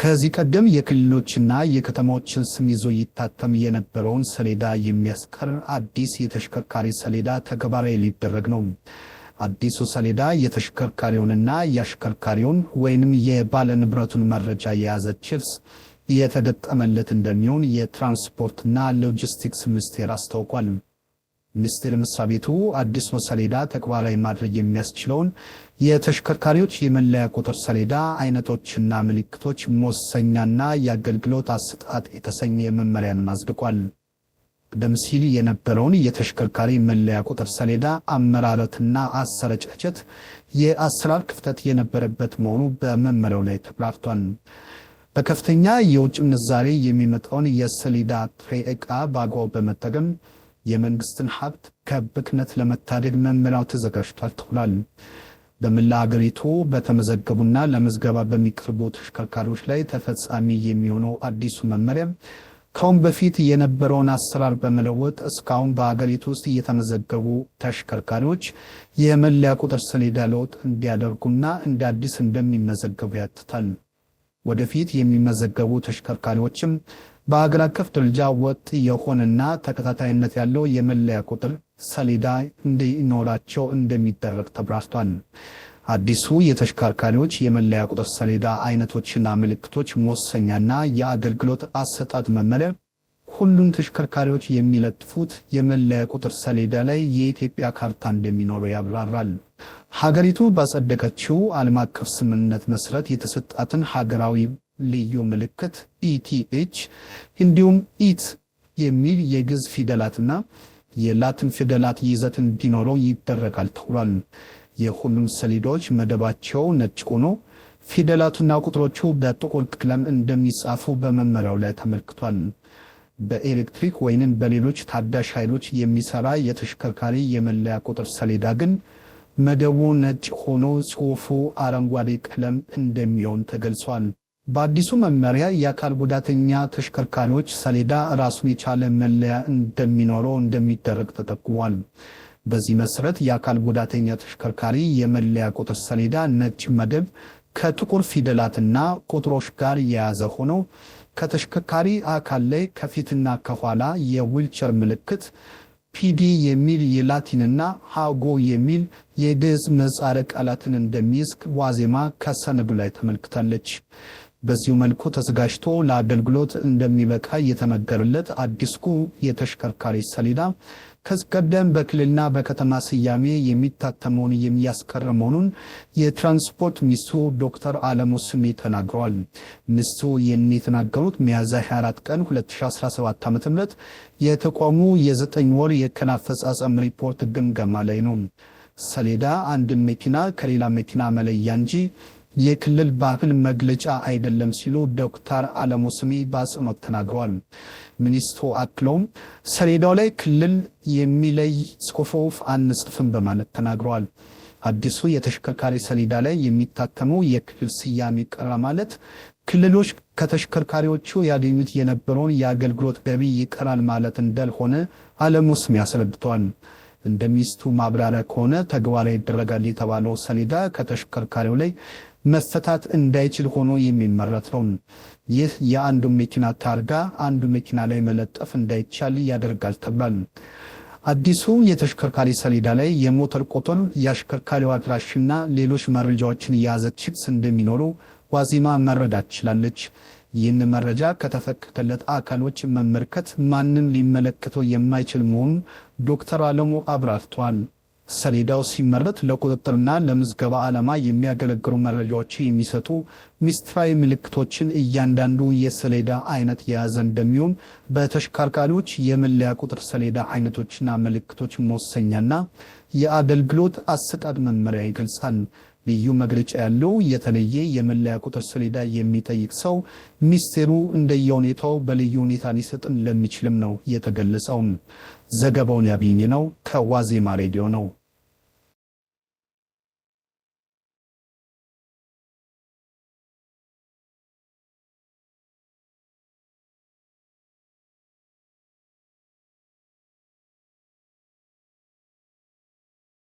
ከዚህ ቀደም የክልሎችና የከተማዎችን ስም ይዞ ይታተም የነበረውን ሰሌዳ የሚያስቀር አዲስ የተሽከርካሪ ሰሌዳ ተግባራዊ ሊደረግ ነው። አዲሱ ሰሌዳ የተሽከርካሪውንና የአሽከርካሪውን ወይንም የባለ ንብረቱን መረጃ የያዘ ቺፕስ የተገጠመለት እንደሚሆን የትራንስፖርትና ሎጂስቲክስ ሚኒስቴር አስታውቋል። ሚኒስቴር መስሪያ ቤቱ አዲስ ሰሌዳ ተግባራዊ ማድረግ የሚያስችለውን የተሽከርካሪዎች የመለያ ቁጥር ሰሌዳ አይነቶችና ምልክቶች መወሰኛና የአገልግሎት አሰጣጥ የተሰኘ መመሪያን አጽድቋል። ቀደም ሲል የነበረውን የተሽከርካሪ መለያ ቁጥር ሰሌዳ አመራረትና አሰረጫጨት የአሰራር ክፍተት የነበረበት መሆኑ በመመሪያው ላይ ተብራርቷል። በከፍተኛ የውጭ ምንዛሬ የሚመጣውን የሰሌዳ ጥሬ ዕቃ በአግባቡ በመጠቀም የመንግስትን ሀብት ከብክነት ለመታደግ መመሪያው ተዘጋጅቷል ተብሏል። በመላ ሀገሪቱ በተመዘገቡና ለምዝገባ በሚቀርቡ ተሽከርካሪዎች ላይ ተፈጻሚ የሚሆነው አዲሱ መመሪያ ከአሁን በፊት የነበረውን አሰራር በመለወጥ እስካሁን በሀገሪቱ ውስጥ እየተመዘገቡ ተሽከርካሪዎች የመለያ ቁጥር ሰሌዳ ለውጥ እንዲያደርጉና እንደ አዲስ እንደሚመዘገቡ ያትታል። ወደፊት የሚመዘገቡ ተሽከርካሪዎችም በአገር አቀፍ ደረጃ ወጥ የሆነና ተከታታይነት ያለው የመለያ ቁጥር ሰሌዳ እንዲኖራቸው እንደሚደረግ ተብራርቷል። አዲሱ የተሽከርካሪዎች የመለያ ቁጥር ሰሌዳ አይነቶችና ምልክቶች መወሰኛና የአገልግሎት አሰጣጥ መመሪያ ሁሉም ተሽከርካሪዎች የሚለጥፉት የመለያ ቁጥር ሰሌዳ ላይ የኢትዮጵያ ካርታ እንደሚኖረው ያብራራል። ሀገሪቱ ባጸደቀችው ዓለም አቀፍ ስምምነት መሰረት የተሰጣትን ሀገራዊ ልዩ ምልክት ኢቲኤች e እንዲሁም ኢት e የሚል የግዕዝ ፊደላትና የላቲን ፊደላት ይዘት እንዲኖረው ይደረጋል ተብሏል። የሁሉም ሰሌዳዎች መደባቸው ነጭ ሆኖ ፊደላቱና ቁጥሮቹ በጥቁር ቀለም እንደሚጻፉ በመመሪያው ላይ ተመልክቷል። በኤሌክትሪክ ወይንም በሌሎች ታዳሽ ኃይሎች የሚሰራ የተሽከርካሪ የመለያ ቁጥር ሰሌዳ ግን መደቡ ነጭ ሆኖ ጽሑፉ አረንጓዴ ቀለም እንደሚሆን ተገልጿል። በአዲሱ መመሪያ የአካል ጉዳተኛ ተሽከርካሪዎች ሰሌዳ ራሱን የቻለ መለያ እንደሚኖረው እንደሚደረግ ተጠቁሟል። በዚህ መሰረት የአካል ጉዳተኛ ተሽከርካሪ የመለያ ቁጥር ሰሌዳ ነጭ መደብ ከጥቁር ፊደላትና ቁጥሮች ጋር የያዘ ሆኖ ከተሽከርካሪ አካል ላይ ከፊትና ከኋላ የዊልቸር ምልክት ፒዲ የሚል የላቲንና ሃጎ የሚል የግዕዝ ምህጻረ ቃላትን እንደሚይዝ ዋዜማ ከሰነዱ ላይ ተመልክታለች። በዚሁ መልኩ ተዘጋጅቶ ለአገልግሎት እንደሚበቃ እየተነገረለት አዲስኩ የተሽከርካሪ ሰሌዳ ከቀደም ቀደም በክልልና በከተማ ስያሜ የሚታተመውን የሚያስቀር መሆኑን የትራንስፖርት ሚኒስትሩ ዶክተር አለሙ ስሜ ተናግረዋል። ሚኒስትሩ ይህን የተናገሩት ሚያዝያ 24 ቀን 2017 ዓ.ም የተቋሙ የዘጠኝ ወር የቀን አፈጻጸም ሪፖርት ግምገማ ላይ ነው። ሰሌዳ አንድን መኪና ከሌላ መኪና መለያ እንጂ የክልል ባህል መግለጫ አይደለም ሲሉ ዶክተር አለሙ ስሜ በአጽንኦት ተናግረዋል። ሚኒስትሩ አክለውም ሰሌዳው ላይ ክልል የሚለይ ጽሑፍ አንጽፍም በማለት ተናግረዋል። አዲሱ የተሽከርካሪ ሰሌዳ ላይ የሚታተሙ የክልል ስያሜ ቀረ ማለት ክልሎች ከተሽከርካሪዎቹ ያገኙት የነበረውን የአገልግሎት ገቢ ይቀራል ማለት እንዳልሆነ አለሙ ስሜ አስረድተዋል። እንደሚስቱ ማብራሪያ ከሆነ ተግባራዊ ይደረጋል የተባለው ሰሌዳ ከተሽከርካሪው ላይ መፈታት እንዳይችል ሆኖ የሚመረት ነው። ይህ የአንዱ መኪና ታርጋ አንዱ መኪና ላይ መለጠፍ እንዳይቻል ያደርጋል ተብሏል። አዲሱ የተሽከርካሪ ሰሌዳ ላይ የሞተር ቁጥር፣ የአሽከርካሪው አድራሽና ሌሎች መረጃዎችን የያዘ ቺፕስ እንደሚኖሩ ዋዜማ መረዳት ችላለች። ይህን መረጃ ከተፈቀደለት አካሎች መመልከት ማንም ሊመለከተው የማይችል መሆኑን ዶክተር አለሙ አብራርተዋል። ሰሌዳው ሲመረት ለቁጥጥርና ለምዝገባ ዓላማ የሚያገለግሉ መረጃዎች የሚሰጡ ሚስጥራዊ ምልክቶችን እያንዳንዱ የሰሌዳ አይነት የያዘ እንደሚሆን በተሽከርካሪዎች የመለያ ቁጥር ሰሌዳ አይነቶችና ምልክቶች መወሰኛና የአገልግሎት አሰጣጥ መመሪያ ይገልጻል። ልዩ መግለጫ ያለው የተለየ የመለያ ቁጥር ሰሌዳ የሚጠይቅ ሰው ሚስቴሩ እንደየሁኔታው በልዩ ሁኔታ ሊሰጥን ለሚችልም ነው የተገለጸውም። ዘገባውን ያገኘነው ከዋዜማ ሬዲዮ ነው።